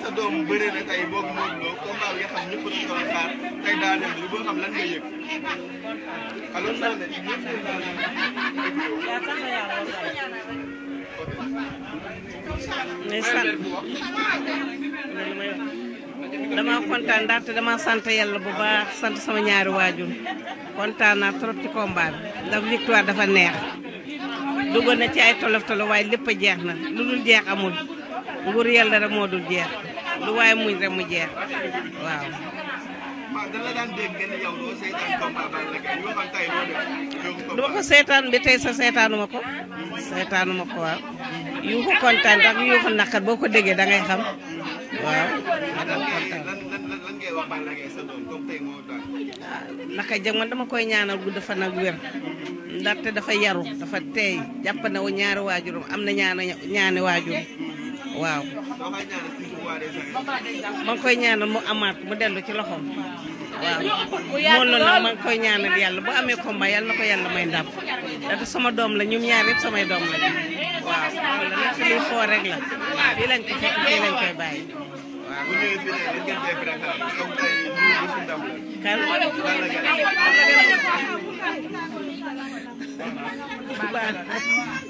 sa dama kontaan ndaxte dama sant yàlla bu baax sant sama ñaari waajur kontaan naa trop ci combat ndax victoire dafa neex dugg na ci ay tolof tolof waaye lépp a jeex na lu dul jeex amul nguur yàlla rek moo dul jeex lu waaye muñ rek mu jeex waaw. du ma ko seetaan bi tey sa seetaanuma ko seetaanu ma ko waaw yuuxu kontaan ak yuuxu naqar boo ko déggee dangay ngay xam waaw ah, naka jag dama koy ñaanal gudd fan nag wér ndaxte dafa yaru dafa teey jàpp na ñaari waajurum am na ñaana ñaani waajurum ว้าวมันค่อยงานมอมาตมเดินลชลหอมว้าวมนลมันค่อยงานเดียรลบ่ามีคมายันมันค่อยงานมาไินดับแต่สมัยดอมเลยยุ่มยาริบสมัยดอมเลยว้าวแล้วชลีฟอร์เองเล่นเ่เล่นเคยไปคเป็ดียกันเลยครอบเลยครับ